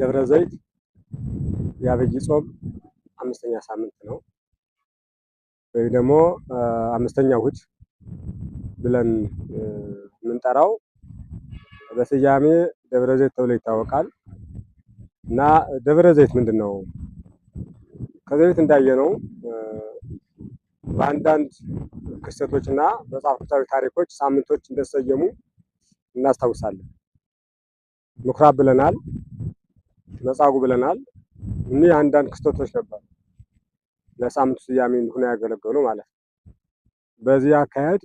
ደብረ ዘይት የአብይ ጾም አምስተኛ ሳምንት ነው ወይም ደግሞ አምስተኛ ውት ብለን የምንጠራው በስያሜ ደብረ ዘይት ተብሎ ይታወቃል። እና ደብረ ዘይት ምንድን ነው? ከዘይት እንዳየነው በአንዳንድ ክስተቶች እና መጽሐፎቻዊ ታሪኮች ሳምንቶች እንደተሰየሙ እናስታውሳለን። ምኩራብ ብለናል። መጻጉዕ ብለናል። እኒህ አንዳንድ ክስተቶች ነበሩ ለሳምንቱ ስያሜ ሆነው ያገለገሉ ማለት ነው። በዚህ አካሄድ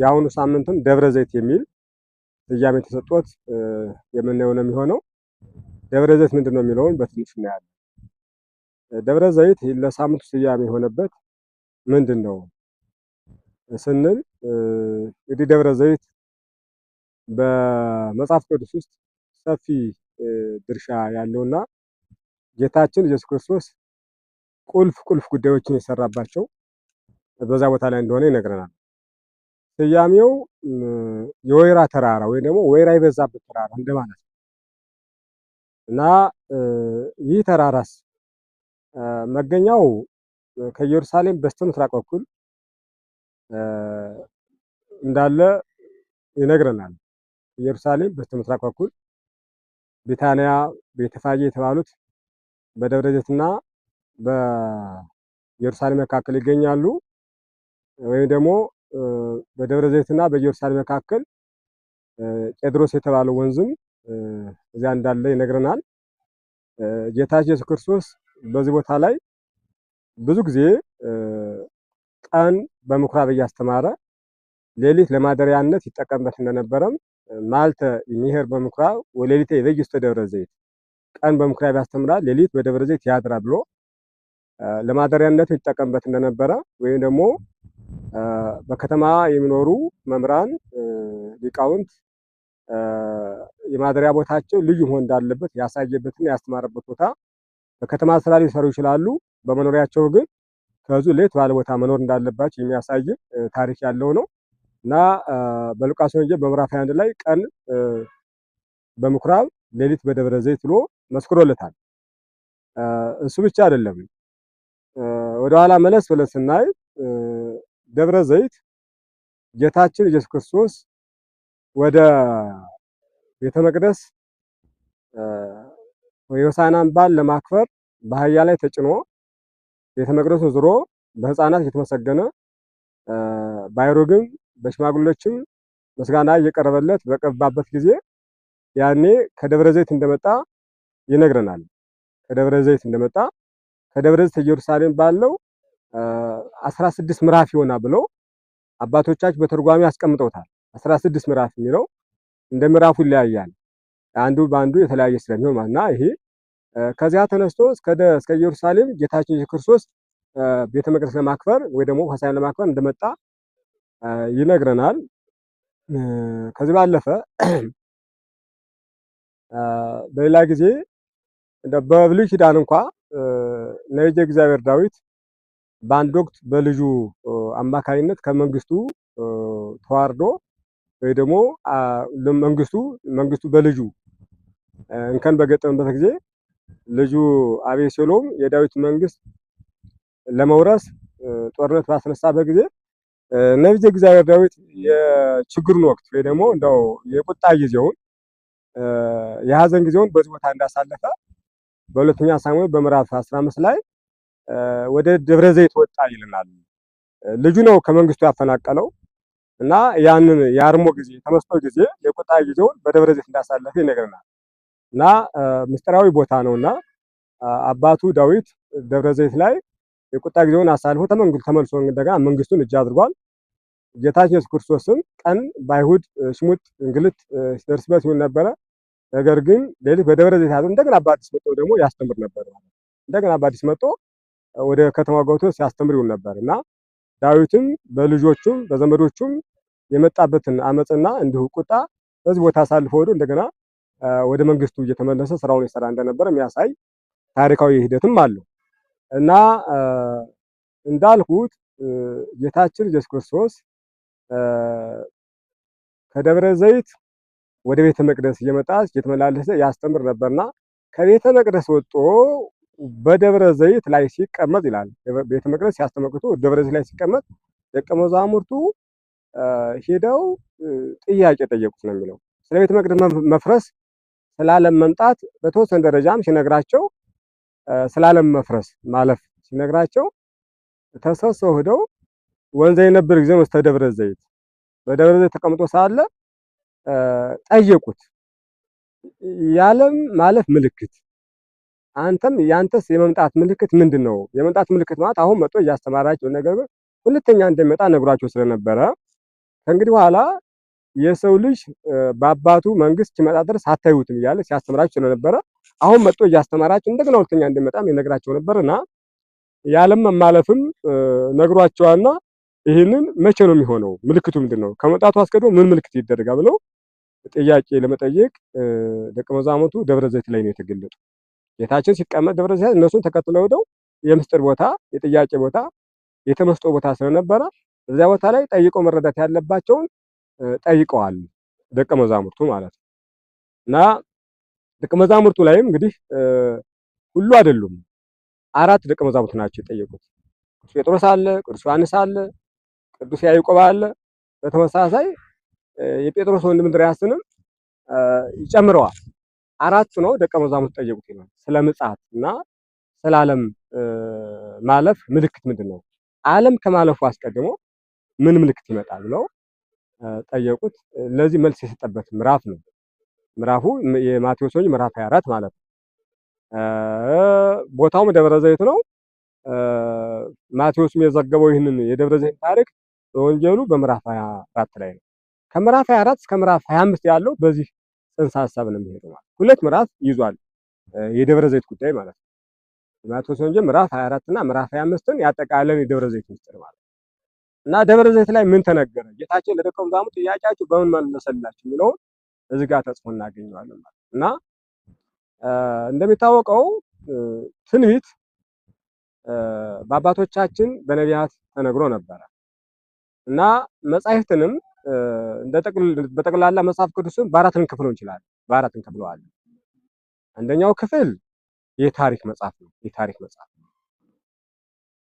የአሁኑ ሳምንትም ደብረ ዘይት የሚል ስያሜ ተሰጥቶት የምናየው ነው የሚሆነው። ደብረ ዘይት ምንድን ነው የሚለውን በትንሽ እናያለን። ደብረ ዘይት ለሳምንቱ ስያሜ የሆነበት ምንድን ነው ስንል እንግዲህ ደብረ ዘይት በመጽሐፍ ቅዱስ ውስጥ ሰፊ ድርሻ ያለውና ጌታችን ኢየሱስ ክርስቶስ ቁልፍ ቁልፍ ጉዳዮችን የሰራባቸው በዛ ቦታ ላይ እንደሆነ ይነግረናል። ስያሜው የወይራ ተራራ ወይም ደግሞ ወይራ የበዛበት ተራራ እንደማለት ነው እና ይህ ተራራስ መገኛው ከኢየሩሳሌም በስተምስራቅ በኩል እንዳለ ይነግረናል። ኢየሩሳሌም በስተምስራቅ በኩል ቢታንያ ቤተፋጌ የተባሉት በደብረ ዘይትና በኢየሩሳሌም መካከል ይገኛሉ። ወይም ደግሞ በደብረ ዘይትና በኢየሩሳሌም መካከል ቄድሮስ የተባለው ወንዝም እዚያ እንዳለ ይነግረናል። ጌታችን ኢየሱስ ክርስቶስ በዚህ ቦታ ላይ ብዙ ጊዜ ቀን በምኩራብ እያስተማረ ሌሊት ለማደሪያነት ይጠቀምበት እንደነበረም ማልተ የሚሄር በምኩራብ ወሌሊት ይበይስ ተደብረ ዘይት ቀን በምኩራብ ያስተምራል፣ ሌሊት በደብረ ዘይት ያድራ ብሎ ለማደሪያነት ይጠቀምበት እንደነበረ ወይም ደግሞ በከተማ የሚኖሩ መምህራን ሊቃውንት የማደሪያ ቦታቸው ልዩ መሆን እንዳለበት ያሳየበትና ያስተማረበት ቦታ። በከተማ ስራ ሊሰሩ ይችላሉ። በመኖሪያቸው ግን ከዙ ሌት ባለ ቦታ መኖር እንዳለባቸው የሚያሳይ ታሪክ ያለው ነው። እና በሉቃስ ወንጌል በምዕራፍ 21 ላይ ቀን በምኩራብ ሌሊት በደብረ ዘይት ብሎ መስክሮለታል። እሱ ብቻ አይደለም። ወደኋላ መለስ ብለን ስናይ ደብረ ዘይት ጌታችን ኢየሱስ ክርስቶስ ወደ ቤተ መቅደስ የሆሳዕናን በዓል ለማክበር በአህያ ላይ ተጭኖ ቤተ መቅደሱ ዙሮ በሕፃናት እየተመሰገነ ባይሮግም በሽማግሎችም ምስጋና እየቀረበለት በቀባበት ጊዜ ያኔ ከደብረ ዘይት እንደመጣ ይነግረናል። ከደብረ ዘይት እንደመጣ ከደብረ ዘይት ኢየሩሳሌም ባለው አስራ ስድስት ምዕራፍ ይሆናል ብለው አባቶቻችን በተርጓሚ አስቀምጠውታል። አስራ ስድስት ምዕራፍ የሚለው እንደ ምዕራፉ ይለያያል። አንዱ በአንዱ የተለያየ ስለሚሆን ማለትና ይሄ ከዚያ ተነስቶ እስከ ኢየሩሳሌም ጌታችን ኢየሱስ ክርስቶስ ቤተ መቅደስ ለማክበር ወይ ደግሞ ሆሳዕናን ለማክበር እንደመጣ ይነግረናል። ከዚህ ባለፈ በሌላ ጊዜ በብሉይ ኪዳን እንኳ ነቢየ እግዚአብሔር ዳዊት በአንድ ወቅት በልጁ አማካኝነት ከመንግስቱ ተዋርዶ ወይ ደግሞ መንግስቱ መንግስቱ በልጁ እንከን በገጠመበት ጊዜ ልጁ አቤሴሎም የዳዊት መንግስት ለመውረስ ጦርነት ባስነሳበት ጊዜ ነቢየ እግዚአብሔር ዳዊት የችግሩን ወቅት ወይ ደግሞ እንደው የቁጣ ጊዜውን የሐዘን ጊዜውን በዚህ ቦታ እንዳሳለፈ በሁለተኛ ሳሙኤል በምዕራፍ 15 ላይ ወደ ደብረ ዘይት ወጣ ይልናል። ልጁ ነው ከመንግስቱ ያፈናቀለው እና ያንን የአርሞ ጊዜ የተመስጦ ጊዜ የቁጣ ጊዜውን በደብረ ዘይት እንዳሳለፈ ይነግረናል። እና ምስጢራዊ ቦታ ነውና አባቱ ዳዊት ደብረ ዘይት ላይ የቁጣ ጊዜውን አሳልፎ ተመልሶ እንደገና መንግስቱን እጅ አድርጓል። ጌታችን ኢየሱስ ክርስቶስም ቀን በአይሁድ ሽሙጥ እንግልት ሲደርስበት ይሁን ነበረ። ነገር ግን ሌሊት በደብረ ዘይት ያድሮ እንደገና በአዲስ መጥቶ ደግሞ ያስተምር ነበር። እንደገና በአዲስ መጥቶ ወደ ከተማ ገብቶ ሲያስተምር ይሁን ነበር እና ዳዊትም በልጆቹም በዘመዶቹም የመጣበትን አመፅና እንዲሁ ቁጣ በዚህ ቦታ አሳልፎ ወዶ እንደገና ወደ መንግስቱ እየተመለሰ ስራውን ይሰራ እንደነበረ የሚያሳይ ታሪካዊ ሂደትም አለው። እና እንዳልኩት ጌታችን ኢየሱስ ክርስቶስ ከደብረ ዘይት ወደ ቤተ መቅደስ እየመጣ እየተመላለሰ ያስተምር ነበርና ከቤተ መቅደስ ወጦ በደብረ ዘይት ላይ ሲቀመጥ ይላል። ቤተ መቅደስ ሲያስተመቅቱ ደብረ ዘይት ላይ ሲቀመጥ ደቀ መዛሙርቱ ሄደው ጥያቄ ጠየቁት ነው የሚለው። ስለ ቤተ መቅደስ መፍረስ ስላለም መምጣት በተወሰነ ደረጃም ሲነግራቸው ስለ መፍረስ ማለፍ ሲነግራቸው ተሰብስበው ሄደው ወንዘ የነበር ጊዜ ውስተ ደብረ ዘይት በደብረ ዘይት ተቀምጦ ሳለ ጠየቁት። የዓለም ማለፍ ምልክት አንተም ያንተስ የመምጣት ምልክት ምንድን ነው? የመምጣት ምልክት ማለት አሁን መጥቶ እያስተማራቸው ነገር ሁለተኛ እንደሚመጣ ነግሯቸው ስለነበረ ከእንግዲህ በኋላ የሰው ልጅ በአባቱ መንግስት ሲመጣ ድረስ አታዩትም እያለ ሲያስተምራችሁ ስለነበረ አሁን መጥቶ እያስተማራችሁ እንደገና ሁለተኛ እንደመጣም የነግራቸው ነበር እና የዓለም መማለፍም ነግሯቸዋልና ይህንን መቼ ነው የሚሆነው? ምልክቱ ምንድን ነው? ከመጣቱ አስቀድሞ ምን ምልክት ይደረጋ ብለው ጥያቄ ለመጠየቅ ደቀ መዛሙርቱ ደብረ ዘይት ላይ ነው የተገለጡ። ጌታችን ሲቀመጥ ደብረ ዘይት እነሱን ተከትለው ሄደው የምስጢር ቦታ፣ የጥያቄ ቦታ፣ የተመስጦ ቦታ ስለነበረ እዚያ ቦታ ላይ ጠይቆ መረዳት ያለባቸውን ጠይቀዋል፣ ደቀ መዛሙርቱ ማለት ነው። እና ደቀ መዛሙርቱ ላይም እንግዲህ ሁሉ አይደሉም፣ አራት ደቀ መዛሙርት ናቸው የጠየቁት። ቅዱስ ጴጥሮስ አለ፣ ቅዱስ ዮሐንስ አለ፣ ቅዱስ ያዕቆብ አለ። በተመሳሳይ የጴጥሮስ ወንድም እንድርያስንም ይጨምረዋል። አራቱ ነው ደቀ መዛሙርት ጠየቁት ይላል። ስለ ምጽአት እና ስለ ዓለም ማለፍ ምልክት ምንድን ነው? ዓለም ከማለፉ አስቀድሞ ምን ምልክት ይመጣል ብለው ጠየቁት። ለዚህ መልስ የሰጠበት ምዕራፍ ነው። ምዕራፉ የማቴዎስ ወንጌል ምዕራፍ 24 ማለት ነው። ቦታውም ደብረ ዘይት ነው። ማቴዎስም የዘገበው ይህንን የደብረ ዘይት ታሪክ ወንጀሉ በምዕራፍ 24 ላይ ነው። ከምዕራፍ 24 እስከ ምዕራፍ 25 ያለው በዚህ ጽንሰ ሐሳብ ነው የሚሄደው ማለት ሁለት ምዕራፍ ይዟል። የደብረ ዘይት ጉዳይ ማለት ነው። የማቴዎስ ወንጌል ምዕራፍ 24 እና ምዕራፍ 25ን ያጠቃለን የደብረ ዘይት ምስጢር ማለት ነው። እና ደብረ ዘይት ላይ ምን ተነገረ? ጌታችን ለደቀ መዛሙርት ጥያቄያቸው በምን መለሰላችሁ የሚለውን እዚህ ጋር ተጽፎ እናገኘዋለን ማለት እና እንደሚታወቀው ትንቢት በአባቶቻችን በነቢያት ተነግሮ ነበረ እና መጻሕፍትንም በጠቅላላ መጽሐፍ ቅዱስን በአራት ልንከፍለው እንችላለን። በአራት እንከፍለዋለን። አንደኛው ክፍል የታሪክ መጽሐፍ ነው፣ የታሪክ መጽሐፍ ነው።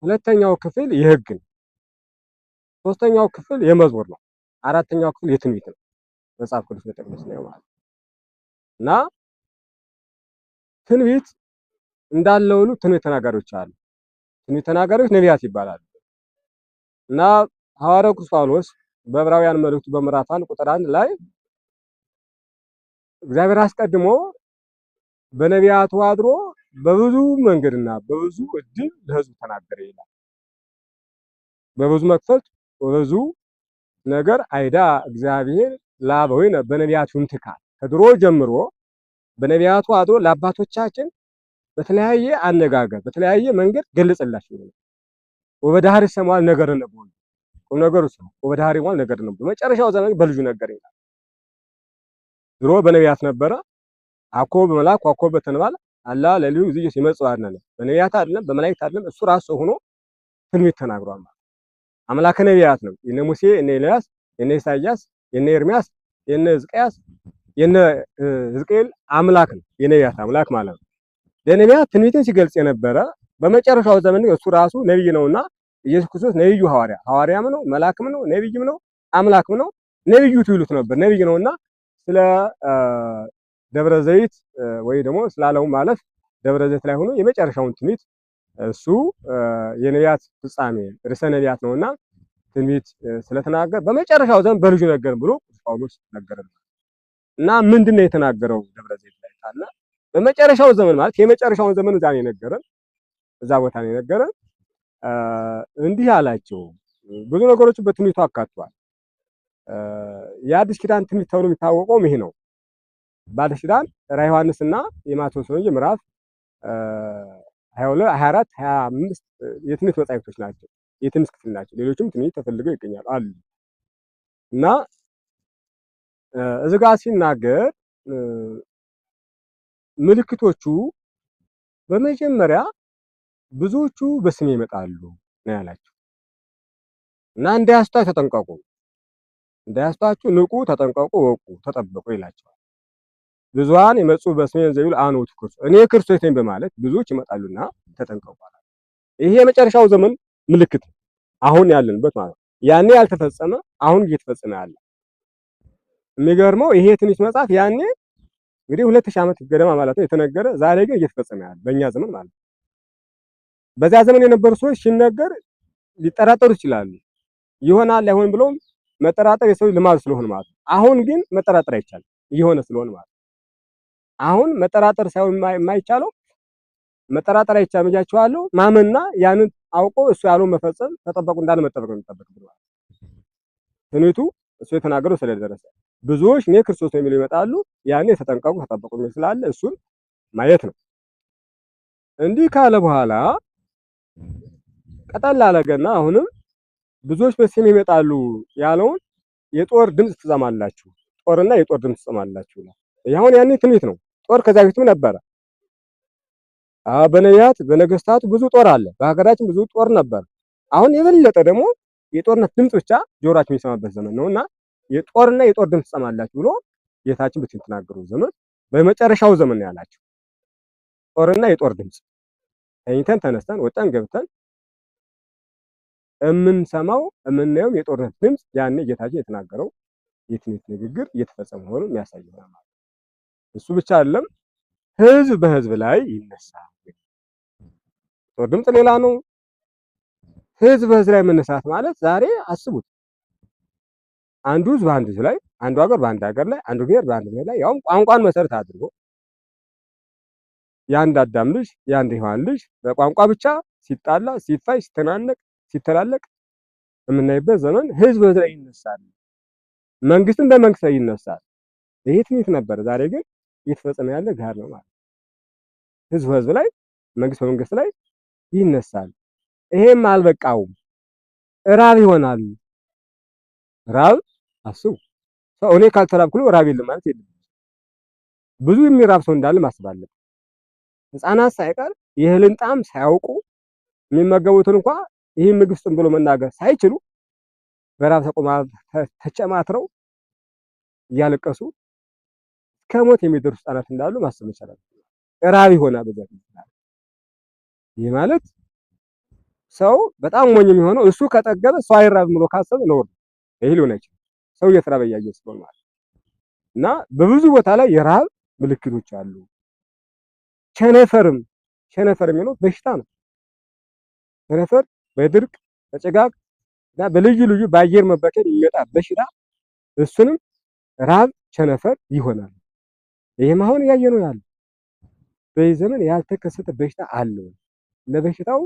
ሁለተኛው ክፍል የሕግ ነው። ሶስተኛው ክፍል የመዝሙር ነው። አራተኛው ክፍል የትንቢት ነው። መጽሐፍ ቅዱስ በጠቅለስ ነው ማለት እና ትንቢት እንዳለ ሁሉ ትንቢት ተናጋሪዎች አሉ። ትንቢት ተናጋሪዎች ነቢያት ይባላሉ። እና ሐዋርያው ቅዱስ ጳውሎስ በዕብራውያን መልእክቱ በምዕራፍ አንድ ቁጥር አንድ ላይ እግዚአብሔር አስቀድሞ በነቢያቱ አድሮ በብዙ መንገድና በብዙ እድል ለሕዝቡ ተናገረ ይላል። በብዙ መክፈል በብዙ ነገር አይዳ እግዚአብሔር ለአበዊነ በነቢያቱ ይንትካል። ከድሮ ጀምሮ በነቢያቱ አድሮ ለአባቶቻችን በተለያየ አነጋገር በተለያየ መንገድ ገለጸላቸው። ወበዳሪ ሰማል ነገር ነው ብሎ ቁም ነገሩ ሰው ወበዳሪ ማል ነገር ነው ብሎ መጨረሻው ዘመን በልጁ ነገር ይላል። ድሮ በነቢያት ነበረ አኮ በመላክ አኮ በተንባል አላ ለልዩ ዝይ ሲመጽዋና ነው በነቢያት አይደለም በመላእክት አይደለም እሱ ራሱ ሆኖ ትንቢት ተናግሯል ማለት አምላከ ነቢያት ነው። የነ ሙሴ፣ የነ ኤልያስ፣ የነ ኢሳያስ፣ የነ ኤርሚያስ፣ የነ ሕዝቅያስ፣ የነ ሕዝቅኤል አምላክ ነው። የነቢያት አምላክ ማለት ነው። ለነቢያት ትንቢትን ሲገልጽ የነበረ በመጨረሻው ዘመን እሱ ራሱ ነቢይ ነውና ኢየሱስ ክርስቶስ ነቢዩ ሐዋርያ ሐዋርያም ነው፣ መልአክም ነው፣ ነቢይም ነው፣ አምላክም ነው። ነቢዩ ትይሉት ነበር። ነቢይ ነውና ስለ ደብረ ዘይት ወይ ደግሞ ስላለውም ማለት ደብረ ዘይት ላይ ሆኖ የመጨረሻውን ትንቢት እሱ የነቢያት ፍጻሜ ርዕሰ ነቢያት ነውና ትንቢት ስለተናገር በመጨረሻው ዘመን በልጁ ነገር ብሎ ጳውሎስ ነገረን እና ምንድን ነው የተናገረው? ደብረ ዘይት ላይ ካለ በመጨረሻው ዘመን ማለት የመጨረሻውን ዘመን እዛ ነው የነገረን፣ እዛ ቦታ ነው የነገረን። እንዲህ አላቸው። ብዙ ነገሮች በትንቢቱ አካቷል። የአዲስ ኪዳን ትንቢት ተብሎ የሚታወቀውም ይሄ ነው። በአዲስ ኪዳን ራ ዮሐንስና የማቴዎስ ወንጌል ምዕራፍ 22፣ 24፣ 25 የትምህርት መጻሕፍቶች ናቸው። የትምህርት ክፍል ናቸው። ሌሎችም ትንሽ ተፈልገው ይገኛሉ አሉ እና እዚህ ሲናገር ምልክቶቹ በመጀመሪያ ብዙዎቹ በስሜ ይመጣሉ ነው ያላቸው እና እንዳያስቷችሁ ተጠንቀቁ፣ እንዳያስቷችሁ ንቁ፣ ተጠንቀቁ፣ ወቁ፣ ተጠበቁ ይላቸዋል። ብዙሃን የመጹ በስሜን ዘይብል አኖቱ ክርስቶስ እኔ ክርስቶስ ነኝ በማለት ብዙዎች ይመጣሉና ተጠንቀቋል። ይሄ የመጨረሻው ዘመን ምልክት አሁን ያለንበት ማለት ነው። ያኔ ያልተፈጸመ አሁን እየተፈጸመ ያለ የሚገርመው ይሄ ትንሽ መጽሐፍ ያኔ እንግዲህ ሁለት ዓመት ገደማ ማለት ነው የተነገረ፣ ዛሬ ግን እየተፈጸመ ያለ በእኛ ዘመን ማለት ነው። በዚያ ዘመን የነበሩ ሰዎች ሲነገር ሊጠራጠሩ ይችላሉ። ይሆናል አይሆን ብለውም መጠራጠር የሰው ልማድ ስለሆነ ማለት ነው። አሁን ግን መጠራጠር አይቻልም እየሆነ ስለሆነ ማለት ነው። አሁን መጠራጠር ሳይሆን የማይቻለው መጠራጠር አይቻልም እያቸዋለሁ ማመንና ያንን አውቆ እሱ ያለው መፈጸም ተጠበቁ እንዳለ መጠበቅ ነው ብለዋል። ማለት እሱ የተናገረው ስለደረሰ ብዙዎች እኔ ክርስቶስ ነው የሚሉ ይመጣሉ። ያኔ ተጠንቀቁ፣ ተጠበቁ የሚል ስላለ እሱን ማየት ነው። እንዲህ ካለ በኋላ ቀጠል አለገና አሁንም ብዙዎች በስም ይመጣሉ ያለውን የጦር ድምፅ ትሰማላችሁ፣ ጦርና የጦር ድምፅ ትሰማላችሁ። አሁን ያኔ ትንቢት ነው። ጦር ከዛ በፊትም ነበረ። በነቢያት በነገስታቱ ብዙ ጦር አለ። በሀገራችን ብዙ ጦር ነበር አሁን የበለጠ ደግሞ የጦርነት ድምፅ ብቻ ጆሯችን የሚሰማበት ዘመን ነው እና የጦርና የጦር ድምፅ ትሰማላችሁ ብሎ ጌታችን ተናገሩ ዘመን በመጨረሻው ዘመን ነው ያላቸው። ጦርና የጦር ድምፅ ተኝተን ተነስተን ወጣን ገብተን የምንሰማው የምናየውም የጦርነት ድምፅ ያኔ ጌታችን የተናገረው የትንቢት ንግግር እየተፈጸመ ሆኖ የሚያሳይ ነው። እሱ ብቻ አይደለም፣ ህዝብ በህዝብ ላይ ይነሳል። ድምፅ ሌላ ነው። ህዝብ በህዝብ ላይ መነሳት ማለት ዛሬ አስቡት፣ አንዱ ህዝብ በአንዱ ህዝብ ላይ፣ አንዱ ሀገር በአንድ ሀገር ላይ፣ አንዱ ብሔር በአንድ ብሔር ላይ ያውም ቋንቋን መሰረት አድርጎ የአንድ አዳም ልጅ የአንድ ሔዋን ልጅ በቋንቋ ብቻ ሲጣላ፣ ሲፋይ፣ ሲተናነቅ፣ ሲተላለቅ የምናይበት ዘመን ህዝብ በህዝብ ላይ ይነሳል። መንግስትም በመንግስት ላይ ይነሳል። ይሄ ትንቢት ነበር። ዛሬ ግን እየተፈጸመ ያለ ጋር ነው ማለት ህዝብ ህዝብ ላይ መንግስት በመንግስት ላይ ይነሳል። ይሄም አልበቃውም፣ ራብ ይሆናል ራብ አስቡ። ሰው እኔ ካልተራብኩ ነው ራብ የለም ማለት የለም። ብዙ የሚራብ ሰው እንዳለ ማሰብ አለብን። ህፃናት ሳይቀር የእህልን ጣዕም ሳያውቁ የሚመገቡትን እንኳ ይህ ምግብ ስጡን ብሎ መናገር ሳይችሉ በራብ ተቆማ ተጨማትረው እያለቀሱ እስከ ሞት የሚደርሱ ህጻናት እንዳሉ ማሰብ ይቻላል። ራብ ይሆናል ይችላል። ይህ ማለት ሰው በጣም ሞኝ የሚሆነው እሱ ከጠገበ ሰው አይራብ ብሎ ካሰብ ነው። ይሄ ሊሆን አይችልም። ሰው እየተራበ እያየ ስለሆነ ማለት እና በብዙ ቦታ ላይ የራብ ምልክቶች አሉ። ቸነፈርም ቸነፈር የሚለው በሽታ ነው። ቸነፈር በድርቅ በጭጋግ እና በልዩ ልዩ በአየር መበከል የሚመጣ በሽታ እሱንም ራብ ቸነፈር ይሆናል። ይህም አሁን እያየ ነው ያለ። በዚህ ዘመን ያልተከሰተ በሽታ አለ። ለበሽታው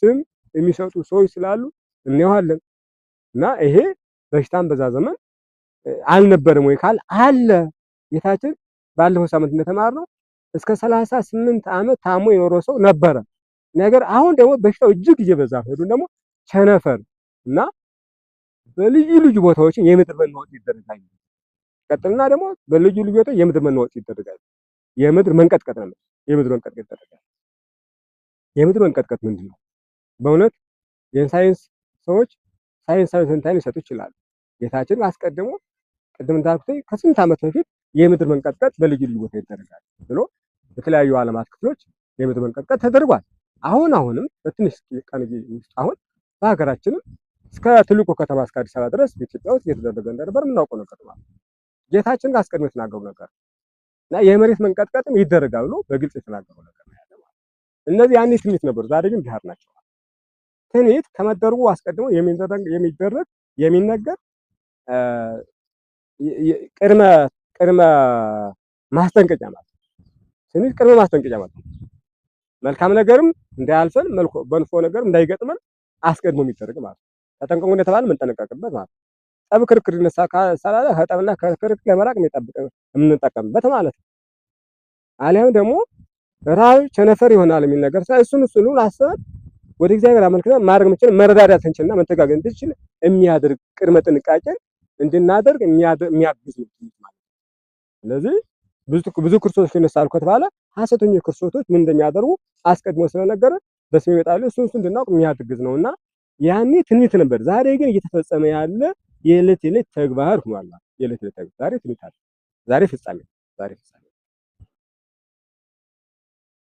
ስም የሚሰጡ ሰዎች ስላሉ እናየዋለን። እና ይሄ በሽታም በዛ ዘመን አልነበረም ወይ ካል አለ። ጌታችን ባለፈው ሳምንት እንደተማርነው እስከ ሰላሳ ስምንት ዓመት ታሞ የኖረ ሰው ነበረ። ነገር አሁን ደግሞ በሽታው እጅግ እየበዛ ሄዱ ደግሞ ቸነፈር እና በልዩ ልዩ ቦታዎችን የምድር መናወጥ ይደረጋል። ቀጥልና ደግሞ በልዩ ልዩ ወጣ የምድር መናወጥ ይደረጋል። የምድር መንቀጥቀጥ ነው። የምድር መንቀጥቀጥ ይደረጋል። የምድር መንቀጥቀጥ ምንድን ነው? በእውነት የሳይንስ ሰዎች ሳይንሳዊ ትንታኔ ሊሰጡ ይችላሉ። ጌታችን አስቀድሞ ቅድም እንዳልኩት ከስንት ዓመት በፊት የምድር መንቀጥቀጥ በልዩ ልዩ ቦታ ይደረጋል ብሎ በተለያዩ ዓለማት ክፍሎች የምድር መንቀጥቀጥ ተደርጓል። አሁን አሁንም በትንሽ ቀን ውስጥ አሁን በሀገራችንም እስከ ትልቁ ከተማ እስከ አዲስ አበባ ድረስ በኢትዮጵያ ውስጥ እየተደረገ እንደነበር የምናውቀው ነገር ማለት ነው። ጌታችን አስቀድሞ የተናገሩ ነገር እና የመሬት መንቀጥቀጥም ይደረጋል ብሎ በግልጽ የተናገሩ ነገር ነው ያለው። እነዚህ ያኔ ትንቢት ነበሩ፣ ዛሬ ግን ቢሃር ናቸው። ትንቢት ከመደረጉ አስቀድሞ የሚደረግ የሚነገር ቅድመ ቅድመ ማስጠንቀቂያ ማለት ነው። ትንቢት ቅድመ ማስጠንቀቂያ ማለት ነው። መልካም ነገርም እንዳያልፈን መጥፎ ነገርም እንዳይገጥመን አስቀድሞ የሚደረግ ማለት ነው። ተጠንቀቁ እንደተባለ የምንጠነቀቅበት ማለት ነው። ጠብ ክርክር ይነሳ ካሰላለ ከጠብና ከክርክር ለመራቅ ነው የሚጠብቅ የምንጠቀምበት ማለት ነው። አሊያም ደግሞ ረሃብ ቸነፈር ይሆናል የሚል ነገር እሱን እሱን አስበን ወደ እግዚአብሔር አመልክተን ማድረግ ምችል መረዳዳት እንችልና መተጋገን እንድችል የሚያደርግ ቅድመ ጥንቃቄን እንድናደርግ የሚያግዝ ነው ማለት ነው። ስለዚህ ብዙ ክርስቶሶች ይነሳሉ ከተባለ ሐሰተኞች ክርስቶቶች ምን እንደሚያደርጉ አስቀድሞ ስለነገረ በስሜ ይመጣሉ እሱን እሱ እንድናውቅ የሚያግዝ ነውና ያኔ ትንቢት ነበር። ዛሬ ግን እየተፈጸመ ያለ የዕለት የዕለት ተግባር ሆኗል። የዕለት የዕለት ተግባር ዛሬ ትምህርት አለ፣ ዛሬ ፍጻሜ፣ ዛሬ ፍጻሜ